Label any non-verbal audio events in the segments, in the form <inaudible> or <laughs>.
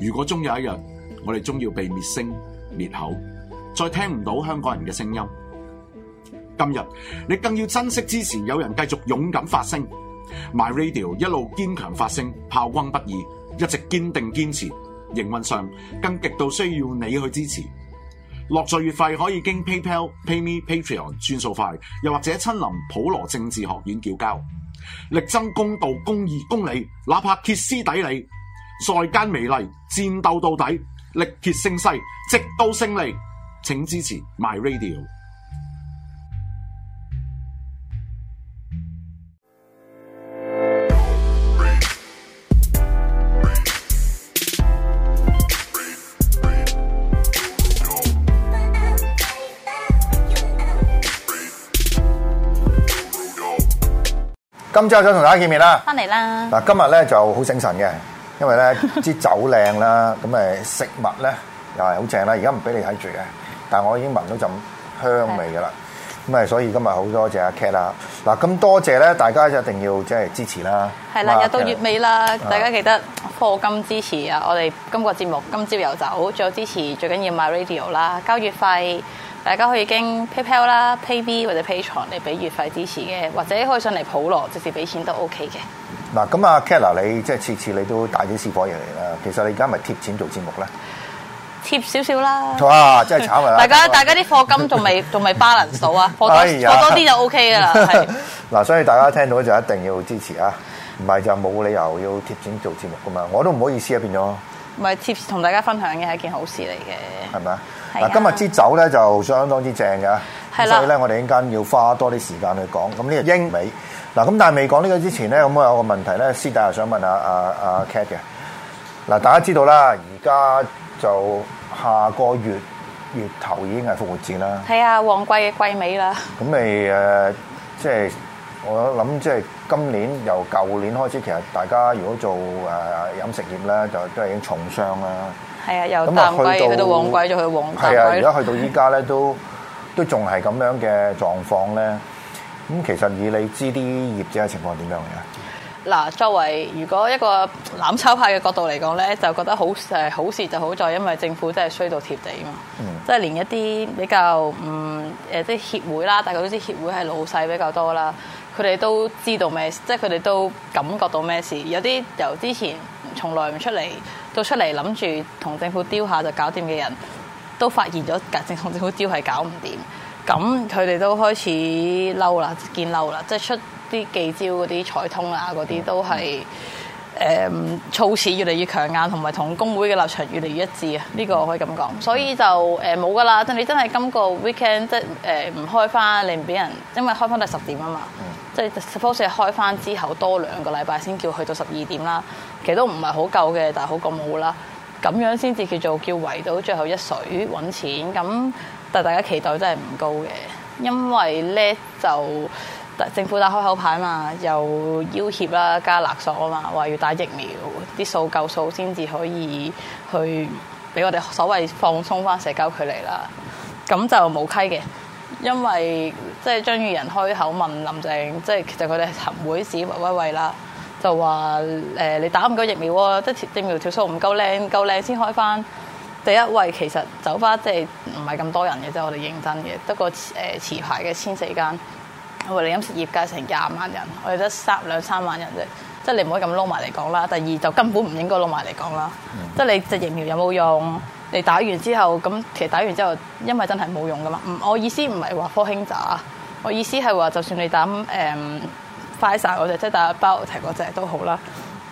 如果終有一日，我哋終要被滅聲滅口，再聽唔到香港人嘅聲音。今日你更要珍惜支持，有人繼續勇敢發聲，MyRadio 一路堅強發聲，炮轟不已，一直堅定堅持。營運上更極度需要你去支持。落座月費可以經 PayPal、PayMe、Patreon 轉數快，又或者親臨普羅政治學院叫交，力爭公道、公義、公理，哪怕歇斯底里。在間美麗，戰鬥到底，力竭聲勢，直到勝利，請支持 My Radio。今朝想同大家見面啦，翻嚟啦。嗱，今日咧就好醒神嘅。 <laughs> 因為咧啲酒靚啦，咁誒食物咧又係好正啦。而家唔俾你睇住嘅，但我已經聞到陣香味㗎喇。咁誒，所以今日好多謝阿 Cat 啦。嗱，咁多謝咧，大家一定要即係支持啦。係啦，又到月尾啦，大家記得課金支持啊！我哋今個節目今朝有酒，仲有支持最緊要買 radio 啦，交月費。大家可以經 PayPal 啦、PayB 或者 Patreon 嚟俾月費支持嘅，或者可以上嚟普羅直接俾錢都 OK 嘅。嗱咁啊 Kella 你即係次次你都帶啲私貨嘢嚟啦。其實你而家咪貼錢做節目咧？貼少少啦。哇！真係慘啦 <laughs> 大家大家啲貨金仲未仲未巴蘭數啊？貨、 <laughs> 哎、多啲就 OK 噶啦。嗱， <laughs> 所以大家聽到就一定要支持啊！唔係就冇理由要貼錢做節目噶嘛。我都唔好意思啊，變咗。唔係貼同大家分享嘅係一件好事嚟嘅，係啊嗱，今日支酒咧就相當之正嘅，啊、所以咧我哋陣間要花多啲時間去講。咁呢日英個美。嗱，咁但係未講呢個之前咧，咁我有個問題咧，私底下想問下阿阿阿 Cat 嘅。嗱，大家知道啦，而家就下個月月頭已經係復活節啦。係啊，旺季嘅季尾啦。咁咪誒，即係我諗，即係今年由舊年開始，其實大家如果做誒飲食業咧，就都係已經重傷啦。係啊，由淡季去到旺季，就去旺季。係啊，而家去到依家咧，都都仲係咁樣嘅狀況咧。咁其實以你知啲業者嘅情況點樣嘅？嗱，作為如果一個攬炒派嘅角度嚟講咧，就覺得好誒好事就好在，因為政府真係衰到貼地啊嘛，嗯、即係連一啲比較嗯誒即係協會啦，大家都知協會係老細比較多啦，佢哋都知道咩，即係佢哋都感覺到咩事。有啲由之前從來唔出嚟，到出嚟諗住同政府丟下就搞掂嘅人，都發現咗，隔正同政府丟係搞唔掂。咁佢哋都開始嬲啦，見嬲啦，即係出啲記招嗰啲彩通啊，嗰啲都係誒、呃、措詞越嚟越強硬，同埋同工會嘅立場越嚟越一致啊！呢、呢個我可以咁講，所以就誒冇噶啦，即係你真係今個 weekend 即係誒唔開翻，你唔俾人，因為開翻都係十點啊嘛，嗯、即係 suppose 開開翻之後多兩個禮拜先叫去到十二點啦，其實都唔係好夠嘅，但係好過冇啦。咁樣先至叫做叫圍到最後一水揾錢咁。但大家期待真係唔高嘅，因為咧就政府打開口牌嘛，又要挾啦加勒索啊嘛，話要打疫苗，啲數夠數先至可以去俾我哋所謂放鬆翻社交距離啦。咁就冇稽嘅，因為即係張宇人開口問林鄭，即係其實佢哋喺會事喂喂喂啦，就話誒、呃、你打唔夠疫苗啊，即係疫苗條數唔夠靚，夠靚先開翻。第一位其實酒吧即係唔係咁多人嘅啫。我哋認真嘅。得個誒持牌嘅千四間，我哋飲食業界成廿萬人，我哋得三兩三萬人啫。即係你唔可以咁撈埋嚟講啦。第二就根本唔應該撈埋嚟講啦。即係你隻疫苗有冇用？你打完之後，咁其實打完之後，因為真係冇用㗎嘛。唔，我意思唔係話科興渣，我意思係話就算你打誒快晒我就即係打包提嗰隻都好啦。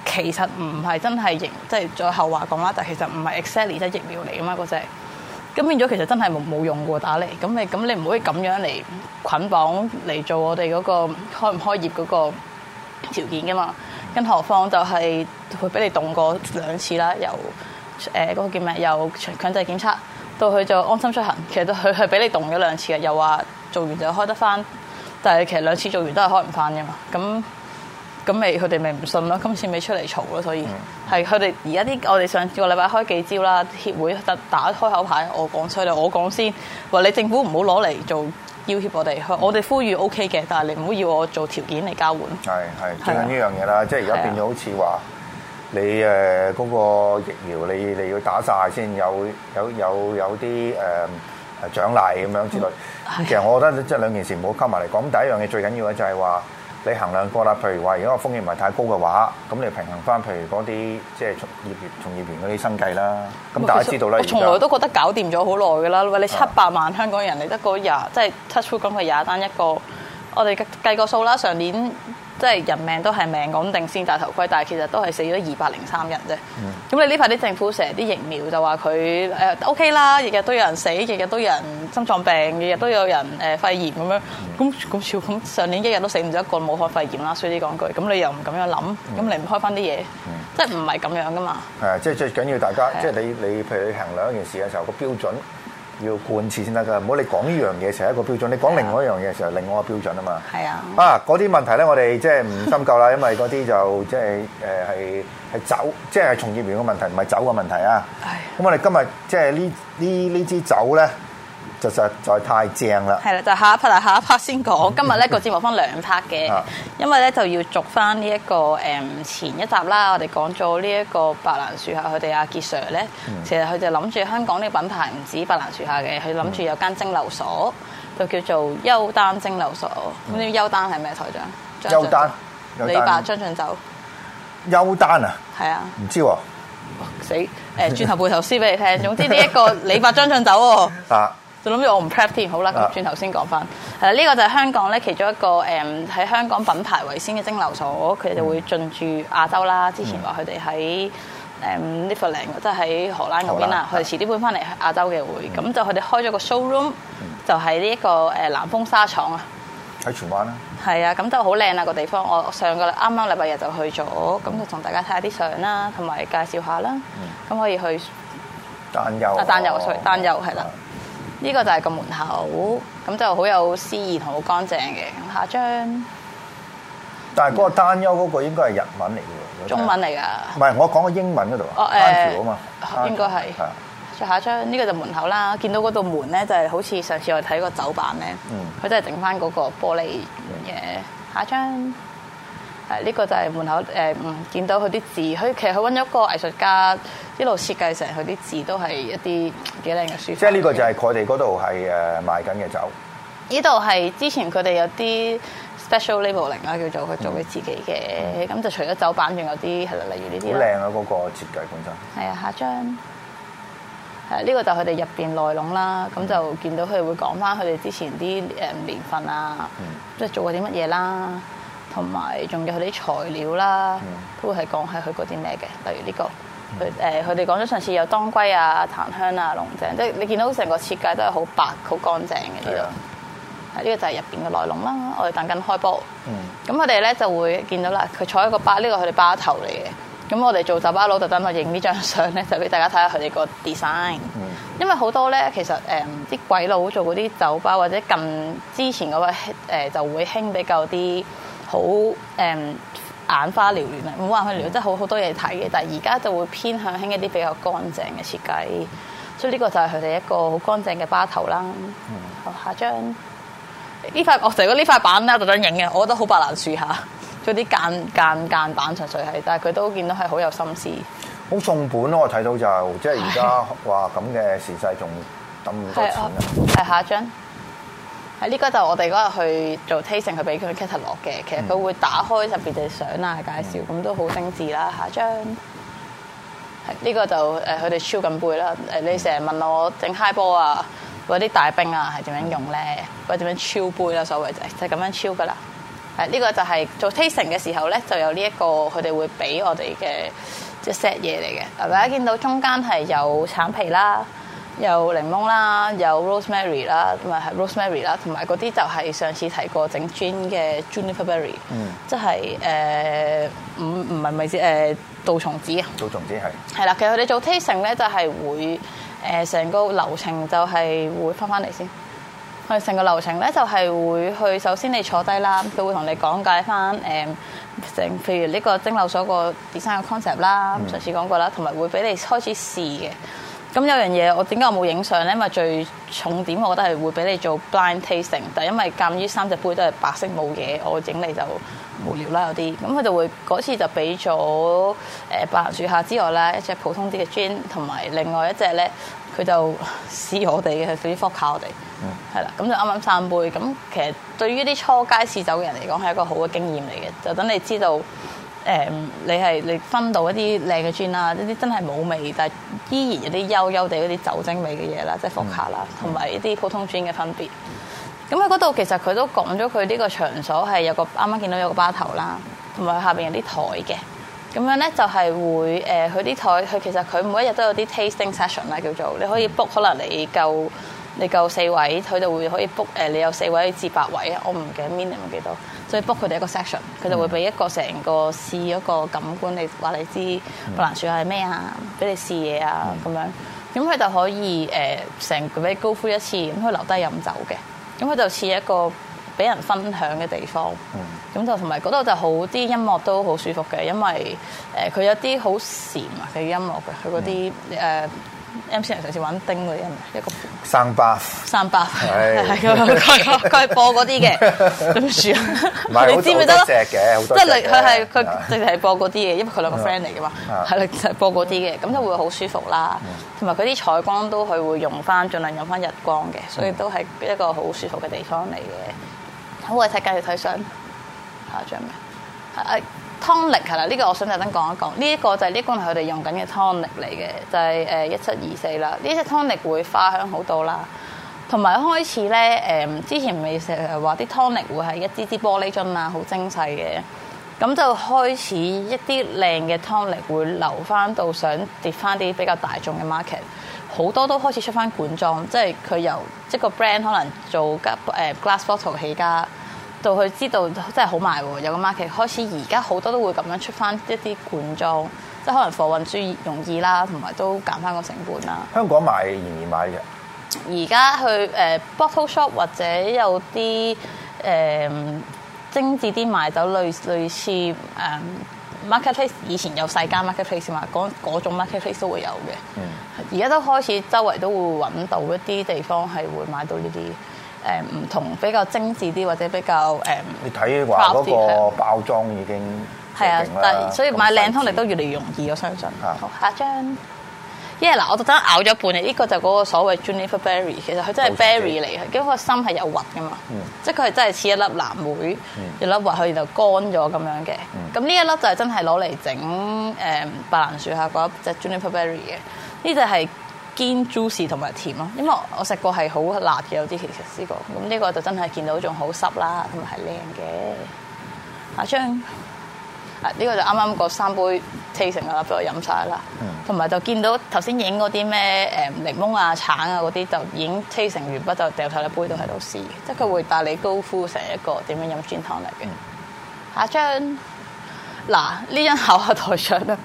其實唔係真係疫，即係再後話講啦。但其實唔係 excellent 係疫苗嚟啊嘛，嗰隻咁變咗，其實真係冇冇用過打嚟。咁你咁你唔可以咁樣嚟捆綁嚟做我哋嗰個開唔開業嗰個條件噶嘛？更何況就係佢俾你動過兩次啦，由誒嗰個叫咩又強制檢測到佢就安心出行，其實都佢係俾你動咗兩次嘅，又話做完就開得返，但係其實兩次做完都係開唔返噶嘛，咁。咁咪佢哋咪唔信咯？今次咪出嚟嘈咯，所以係佢哋而家啲我哋上次個禮拜開記招啦，協會特打開口牌，我講出嚟，我講先話你政府唔好攞嚟做要挾我哋，我哋呼籲 O K 嘅，但係你唔好要我做條件嚟交換。係係最緊要呢樣嘢啦，即係而家變咗好似話你誒嗰個疫苗，你你要打晒先有有有有啲誒獎勵咁樣之類。其實我覺得即係兩件事唔好溝埋嚟講。第一樣嘢最緊要嘅就係話。你衡量過啦，譬如話，如果個風險唔係太高嘅話，咁你平衡翻，譬如嗰啲即係從業員、從業員嗰啲生計啦。咁大家知道啦，我從來都覺得搞掂咗好耐噶啦。喂，你七百萬香港人，是你得嗰廿，即係七千港幣廿單一個，我哋計個數啦，上年。即係人命都係命，講定先，戴頭盔，但係其實都係死咗二百零三人啫。咁你呢排啲政府成日啲疫苗就話佢誒 OK 啦，日日都有人死，日日都有人心臟病，日日都有人誒肺炎咁樣。咁咁似咁上年一日都死唔咗一個冇開肺炎啦。衰啲講句，咁你又唔咁樣諗，咁你唔開翻啲嘢，即係唔係咁樣噶嘛？係啊，即係最緊要大家，即係你你譬如你衡量一件事嘅時候個標準，要貫徹先得噶，唔好你講呢樣嘢成係一個標準，你講另外一樣嘢成係另外一個標準啊嘛。係啊，啊嗰啲問題咧，我哋即係唔深究啦，因為嗰啲就即係誒係係酒，即係係從業員嘅問題，唔係酒嘅問題啊。係，咁我哋今日即係呢呢呢支酒咧。就實在太正啦！係啦，就下一 part，下一 part 先講。今日咧個節目分兩 part 嘅， <laughs> 因為咧就要續翻呢一個誒前一集啦。我哋講咗呢一個白蘭樹下，佢哋阿杰 Sir 咧，嗯、其實佢就諗住香港呢個品牌唔止白蘭樹下嘅，佢諗住有間蒸餾所，就叫做優丹蒸餾所。咁、嗯、呢？優丹係咩台長？優丹，丹，李白將進酒？優丹啊！係啊！唔知喎，死！誒、呃，轉頭背頭詩俾你聽。總之呢一個李白將進酒喎啊！ <laughs> 啊我諗住我唔 prep 添，好啦。咁轉頭先講翻，誒、係、呢個就係香港咧，其中一個誒喺香港品牌為先嘅蒸餾所，佢哋會進駐亞洲啦。之前話佢哋喺誒 Netherlands 即係喺荷蘭嗰邊啦。佢哋遲啲搬翻嚟亞洲嘅會，咁就佢哋開咗個 showroom，就喺呢一個誒南豐紗廠在啊。喺荃灣啊。係啊，咁就好靚啊個地方。我上個啱啱禮拜日就去咗，咁就同大家睇下啲相啦，同埋介紹一下啦。咁可以去。丹油啊！丹油水，丹油係啦。呢、這個就係個門口，咁就好有詩意同好乾淨嘅。下張，但係嗰個單優嗰個應該係日文嚟嘅喎，中文嚟噶。唔係，我講嘅英文嗰度啊，掛啊嘛，應該係。下張呢、這個就門口啦，見到嗰道門咧，就係好似上次我睇個酒板咧，佢都係整翻嗰個玻璃門嘢。嗯、下張。誒、這、呢個就係門口誒，嗯，見到佢啲字，佢其實佢揾咗個藝術家一路設計成佢啲字都係一啲幾靚嘅書。即係呢個就係佢哋嗰度係誒賣緊嘅酒。呢度係之前佢哋有啲 special labeling 啦，叫做佢做俾自己嘅。咁、嗯、就、嗯、除咗酒版，仲有啲係啦，例如呢啲。好靚啊！嗰個設計本身。係啊，下張。誒呢個就佢哋入邊內籠啦，咁、嗯、就見到佢哋會講翻佢哋之前啲誒年份啊，即、嗯、係做過啲乜嘢啦。同埋仲有佢啲材料啦，都會係講係佢嗰啲咩嘅，例如呢個佢誒佢哋講咗上次有當歸啊、檀香啊、龍井，即係你見到成個設計都係好白、好乾淨嘅呢度。係呢個就係入邊嘅內籠啦。我哋等緊開煲。咁我哋咧就會見到啦。佢坐喺個巴，呢個佢哋巴頭嚟嘅。咁我哋做酒吧佬特登去影呢張相咧，就俾大家睇下佢哋個 design。因為好多咧，其實誒啲鬼佬做嗰啲酒吧或者近之前嗰個就會興比較啲。好誒、嗯、眼花撩亂啊！唔好話佢聊，得好好多嘢睇嘅。但係而家就會偏向輕一啲比較乾淨嘅設計，所以呢個就係佢哋一個好乾淨嘅巴頭啦。嗯、好，下一張呢塊我成日呢塊板咧，特登影嘅，我覺得好白蘭樹下，做啲間間間，間板純粹係，但係佢都見到係好有心思。好送本咯、啊，我睇到就即係而家哇咁嘅時勢仲咁唔得寸啊！係下一張。呢個就我哋嗰日去做 tasting，去俾佢 catalog 嘅。其實佢會打開入邊嘅相啊、介紹咁都好精緻啦。下張，呢個就誒佢哋超緊杯啦。誒你成日問我整 high 波啊，或者大冰啊，係點樣用咧？或者點樣超杯啦，所謂就係就係咁樣超噶啦。誒呢個就係做 tasting 嘅時候咧，就有呢一個佢哋會俾我哋嘅即 set 嘢嚟嘅，大家啊，見到中間係有橙皮啦。有檸檬啦，有 Rosemary 啦，同埋係 Rosemary 啦，同埋嗰啲就係上次提過整 Gin 嘅 Juniper Berry，即係誒唔唔係咪先？誒杜松子啊。杜松子係。係啦，其實佢哋做 tasting 咧，就係會誒成個流程就係會翻翻嚟先回來。佢成個流程咧就係會去首先你坐低啦，佢會同你講解翻誒整，譬如呢個蒸餾所個 design 嘅 concept 啦，上次講過啦，同埋會俾你開始試嘅。咁有樣嘢，為我點解我冇影相咧？因為最重點，我覺得係會俾你做 blind tasting，但係因為鑑於三隻杯都係白色冇嘢，我整你就無聊啦有啲。咁佢就會嗰次就俾咗誒白樹下之外咧一隻普通啲嘅 gin，同埋另外一隻咧佢就試我哋嘅，佢先 focus 我哋，係啦。咁、mm. 就啱啱三杯。咁其實對於啲初階試酒嘅人嚟講，係一個好嘅經驗嚟嘅，就等你知道。誒，你係你分到一啲靚嘅氈啦，一啲真係冇味，但係依然有啲幽幽地嗰啲酒精味嘅嘢啦，即係伏克啦，同埋一啲普通氈嘅分別。咁喺嗰度其實佢都講咗，佢呢個場所係有個啱啱見到有個吧台啦，同埋佢下邊有啲台嘅。咁樣咧就係會誒，佢啲台佢其實佢每一日都有啲 tasting session 啦，叫做你可以 book，可能你夠。你夠四位，佢就會可以 book 誒，你有四位至八位啊，我唔記，記得 minimum 幾多，所以 book 佢哋一個 section，佢就會俾一個成個試嗰個感官，你話你知個蘭樹係咩啊，俾你試嘢啊咁樣，咁佢就可以誒成個俾高呼一次，咁佢留低飲酒嘅，咁佢就似一個俾人分享嘅地方，咁就同埋嗰度就好啲音樂都好舒服嘅，因為誒佢有啲好禪嘅音樂嘅，佢嗰啲誒。M C 人上次玩丁嗰啲人，一個三巴，三巴，係係佢佢係播嗰啲嘅，你知唔得囉，即係佢係佢佢係播嗰啲嘅，因為佢兩個 friend 嚟噶嘛，係啦，播嗰啲嘅，咁就會好舒服啦。同埋佢啲採光都係會用翻，盡量用翻日光嘅，所以都係一個好舒服嘅地方嚟嘅。好，我哋睇繼續睇相，下張咩？係。啊湯力係啦，呢、這個我想特登講一講，呢、這、一個就係、是、呢、這個佢哋用緊嘅湯力嚟嘅，就係誒一七二四啦。呢隻湯力會花香好多啦，同埋開始咧誒、嗯，之前未成日話啲湯力會係一支支玻璃樽啊，好精細嘅，咁就開始一啲靚嘅湯力會留翻到想跌翻啲比較大眾嘅 market，好多都開始出翻管裝，即係佢由即個 brand 可能做吉誒 glass bottle 起家。就佢知道真係好賣喎，有個 market 開始而家好多都會咁樣出翻一啲罐裝，即係可能貨運輸容易啦，同埋都減翻個成本啦。香港買仍然買嘅，而家去誒、呃、bottle shop 或者有啲誒、呃、精緻啲賣走，類類似誒 marketplace、嗯、以前有細間 marketplace 嘛，講嗰種 marketplace 都會有嘅。而家都開始周圍都會揾到一啲地方係會買到呢啲。誒唔同比較精緻啲或者比較誒、嗯，你睇話嗰個包裝已經係啊！但係所以買靚湯力都越嚟越容易我相信。啊、好下一張，因為嗱，我特登咬咗一半嚟，呢個就嗰個所謂 Juniper Berry，其實佢真係 berry 嚟，因為個心係有核噶嘛、嗯，即係佢係真係似一粒藍莓，嗯了這嗯、這一粒核佢然後乾咗咁樣嘅。咁呢一粒就係真係攞嚟整誒白蘭樹下嗰隻 Juniper Berry 嘅，呢隻係。兼 juice 同埋甜咯，因為我食過係好辣嘅有啲其實試過，咁、這、呢個就真係見到仲好濕啦，同埋係靚嘅。阿祥啊，呢、這個就啱啱個三杯 tasting 啦，俾、mm。我飲晒啦，同埋就見到頭先影嗰啲咩誒檸檬啊、橙啊嗰啲就已經 tasting 完畢，就掉晒啲杯都喺度試，即係佢會帶你高呼成一個點樣飲酸湯嚟嘅。阿祥，嗱呢張考下台上啦。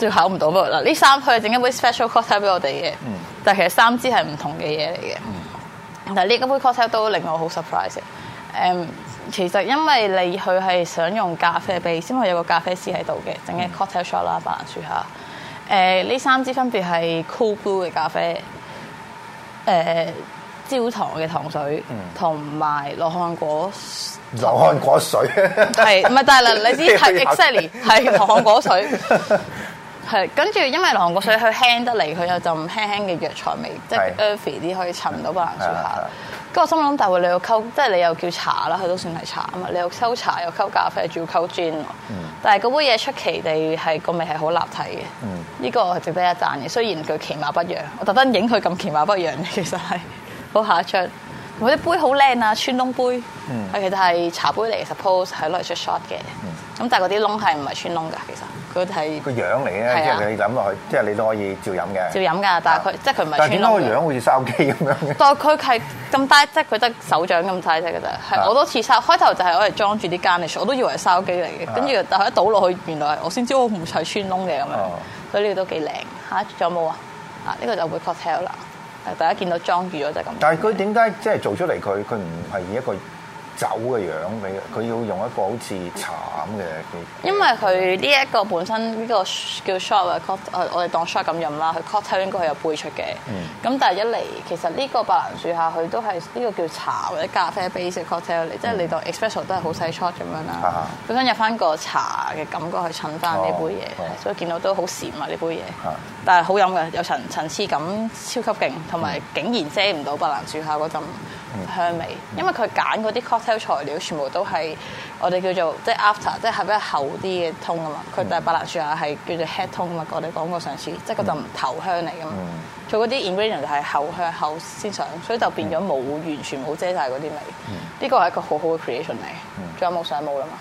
最考唔到不嗱，呢三佢整一杯 special cocktail 俾我哋嘅、嗯，但係其實三支係唔同嘅嘢嚟嘅。嗱、嗯，呢一杯 cocktail 都令我好 surprise 嘅。誒、嗯，其實因為你佢係想用咖啡杯，先為有一個咖啡師喺度嘅，整嘅 cocktail shot 啦，白蘭樹下。誒、呃，呢三支分別係 cold brew 嘅咖啡，誒、呃、焦糖嘅糖水，同、嗯、埋羅漢果。羅漢果水係唔係？大係你知係 exactly 係羅漢果水。 <laughs> 係，跟住因為涼果水佢輕得嚟，佢有陣輕輕嘅藥材味，即係 earthy 啲，可以襯到白蘭樹下。跟住 <music> 我心諗，但係你又溝，即係你又叫茶啦，佢都算係茶啊嘛。你又溝茶，又溝咖啡，仲要溝 jam。但係嗰杯嘢出奇地係個味係好立體嘅。呢、 <music> 呢個係值得一讚嘅，雖然佢其貌不揚。我特登影佢咁其貌不揚，其實係好下桌。我啲杯好靚啊，穿窿杯。 <music> 其實係茶杯嚟，suppose 係攞嚟出 shot 嘅。咁 <music> 但係嗰啲窿係唔係穿窿㗎，其實。佢係個樣嚟嘅，即係你飲落去，即係你都可以照飲嘅。照飲㗎，但係佢即係佢唔係穿窿。個樣好似筲箕咁樣。但係佢係咁大隻，佢得手掌咁大隻㗎啫。係我多次曬，開頭就係我係裝住啲 garnish，我都以，以為筲箕嚟嘅。跟住但係一倒落去，原來我先知道我唔使穿窿嘅咁樣。佢呢個都幾靚吓？仲有冇啊？有有啊呢、呢個就杯 cocktail 啦。大家見到裝住咗就咁。但係佢點解即係做出嚟佢佢唔係一個？酒嘅樣，俾佢要用一個好似茶咁嘅。因為佢呢一個本身呢、呢個叫 shot 嘅，我哋當 shot 咁飲啦。佢 cocktail 應該係有杯出嘅，咁、嗯、但係一嚟其實呢個白蘭樹下佢都係呢個叫茶或者咖啡 base 嘅 cocktail 嚟，即係你當 expresso 都係好細 shot 咁樣啦。嗯嗯，本身入翻個茶嘅感覺去襯翻呢杯嘢，哦、所以見到都、嗯、好閃啊呢杯嘢。但係好飲嘅，有層層次感超級勁，同埋竟然遮唔到白蘭樹下嗰陣香味，嗯嗯，因為佢揀嗰啲 cock。材料全部都係我哋叫做即係 after，即係比較厚啲嘅通啊嘛。佢大白蘭樹下係叫做 head 通啊嘛。我哋講過上次，即係個就唔頭香嚟噶嘛。做嗰啲 ingredient 就係後香後先上，所以就變咗冇、嗯、完全冇遮晒嗰啲味。呢個係一個好好嘅 creation 嚟、嗯。仲有冇上冇啦嘛？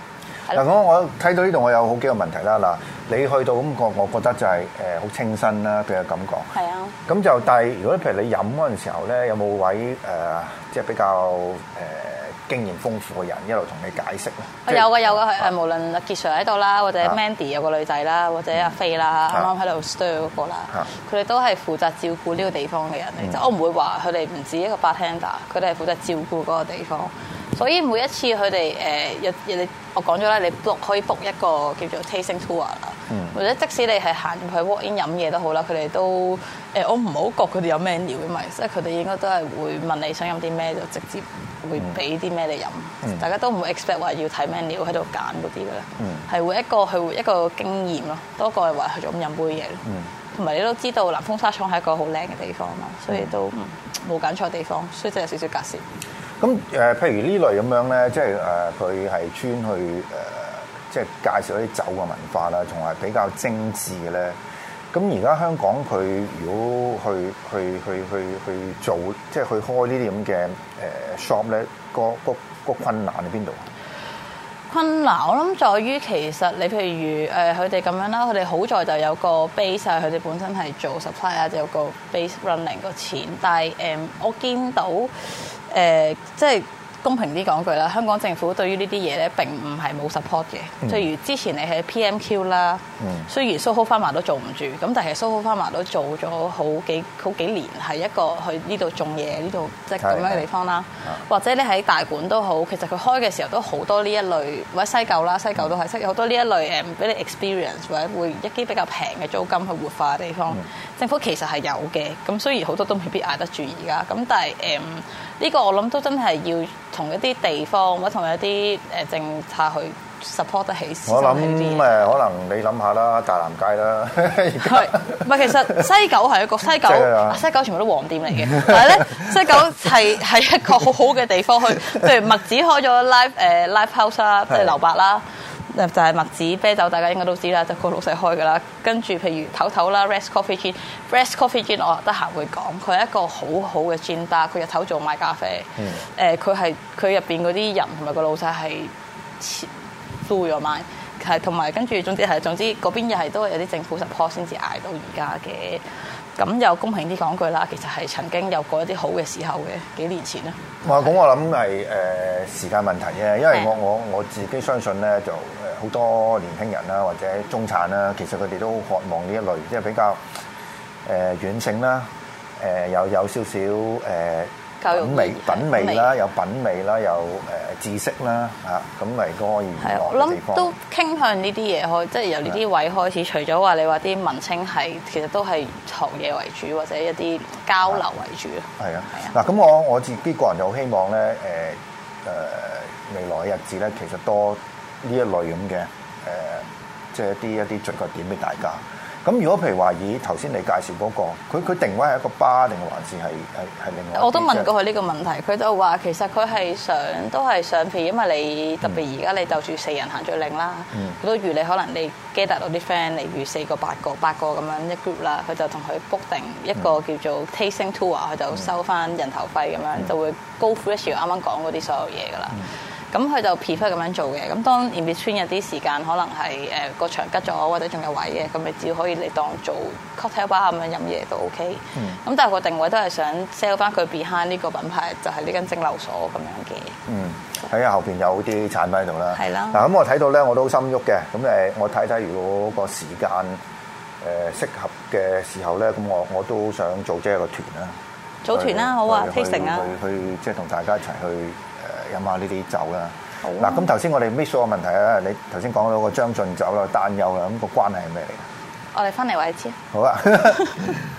嗱、嗯，咁我睇到呢度，我有好幾個問題啦。嗱，你去到咁，我我覺得就係誒好清新啦嘅感覺。係啊。咁就但係，如果譬如你飲嗰陣時候咧，有冇位誒、呃，即係比較誒？呃經驗豐富嘅人一路同你解釋咯。有㗎有㗎、啊，無論傑 Sir 喺度啦，或者 Mandy 有個女仔啦、啊，或者阿飛啦，啱啱喺度 stir 過啦，佢哋、啊、都係負責照顧呢個地方嘅人嚟。即、嗯、係我唔會話佢哋唔止一個 bartender，佢哋係負責照顧嗰個地方。所以每一次佢哋誒一一，我講咗啦，你 book 可以 book 一個叫做 tasting tour 啦、嗯，或者即使你係行入去 walk in 飲嘢都好啦，佢哋都誒、呃、我唔好覺佢哋有 menu 嘅咪，即係佢哋應該都係會問你想飲啲咩就直接。會俾啲咩你飲、嗯？大家都唔會 expect 話要睇咩料喺度揀嗰啲嘅，係、嗯、會一個佢一個經驗咯，多過係話去咁飲杯嘢咯。同、嗯、埋你都知道南風沙廠係一個好靚嘅地方嘛、嗯，所以都冇揀、嗯、錯地方，所以真係有少少隔涉。咁、呃、譬如呢類咁樣咧，即係佢係專去、呃、即係介紹嗰啲酒嘅文化啦，仲係比較精緻嘅咧。咁而家香港佢如果去去去去去，去做，即係去開呢啲咁嘅誒 shop 咧，個個、個困難喺邊度？困難我諗在於其實你譬如誒佢哋咁樣啦，佢哋好在就有個 base，佢哋本身係做 supply 啊，就有個 base running 個錢，但係誒我見到誒即係。呃就是公平啲講句啦，香港政府對於呢啲嘢咧並唔係冇 support 嘅。譬、嗯、如之前你喺 PMQ 啦、嗯，雖然蘇豪花馬都做唔住，咁但係其實蘇豪花馬都做咗好幾好幾年，係一個去呢度種嘢呢度即係咁樣嘅地方啦。對對或者你喺大館都好，其實佢開嘅時候都好多呢一類，或者西九啦，西九都係，即係好多呢一類誒俾你 experience 或者會一啲比較平嘅租金去活化嘅地方。嗯、政府其實係有嘅，咁雖然好多都未必捱得住而家，咁但係誒。嗯呢、呢個我諗都真係要同一啲地方或者同一啲誒政策去 support 得起先。我諗誒，可能你諗下啦，大南街啦。係，唔係其實西九係一個西九、就是，西九全部都黃店嚟嘅，但係咧 <laughs> 西九係係一個好好嘅地方，去 <laughs> 譬如麥子開咗 live 誒、呃、live house 啦，即係留白啦。就係、是、麥子啤酒，大家應該都知啦，就個老細開嘅啦。跟住，譬如唞唞啦，Rest Coffee Kin，Rest Coffee Kin 我得閒會講，佢係一個好好嘅 chain，但係佢日頭做賣咖啡。誒、嗯，佢係佢入邊嗰啲人同埋個老細係租咗賣，係同埋跟住總之係，總之嗰邊又係都係有啲政府 support 先至捱到而家嘅。咁又公平啲講句啦，其實係曾經有過一啲好嘅時候嘅，幾年前啦。咁我諗係誒時間問題啫，因為我我我自己相信咧，就好多年輕人啦或者中產啦，其實佢哋都渴望呢一類，即係比較誒遠性啦，誒有有少少誒。呃教育品味品味啦，有品味啦，有誒知識啦嚇，咁咪嗰以原來地方我諗都傾向呢啲嘢可，即係由呢啲位開始。除咗話你話啲文青係，其實都係學嘢為主，或者一啲交流為主咯。係啊係啊。嗱咁我我自己個人就希望咧誒誒未來嘅日子咧，其實多呢一類咁嘅誒，即係一啲一啲準確點俾大家。咁如果譬如話以頭先你介紹嗰，那個，佢佢定位係一個 bar 定還是係係係另外一？我都問過佢呢個問題，佢就話其實佢係想都係想，譬如因為你特別而家你就住四人限聚令啦，佢、嗯、都如你可能你 get 到啲 friend 嚟預四個八個八個咁樣一 group 啦，佢就同佢 book 定一個叫做 tasting tour，佢就收翻人頭費咁樣，嗯、就會高於一時啱啱講嗰啲所有嘢噶啦。嗯咁佢就皮膚咁樣做嘅。咁當然有啲時間，可能係誒個場吉咗，或者仲有位嘅，咁你只要可以嚟當做 cocktail bar 咁樣飲嘢都 OK。咁、嗯、但係個定位都係想 sell 翻佢 behind 呢個品牌，就係、是、呢間蒸餾所咁樣嘅。嗯，喺後邊有啲產品喺度啦。係啦。嗱咁我睇到咧，我都心喐嘅。咁誒，我睇睇如果個時間誒適合嘅時候咧，咁我我都想做即係個團啦。組團啦、啊，好啊，K 城啊，去，啊去，去即係同大家一齊去。飲下呢啲酒啦。嗱，咁頭先我哋 miss 咗個問題啊。你頭先講到個將進酒啦，擔憂啦，咁個關係係咩嚟㗎？我哋翻嚟位置。好啊。 <laughs>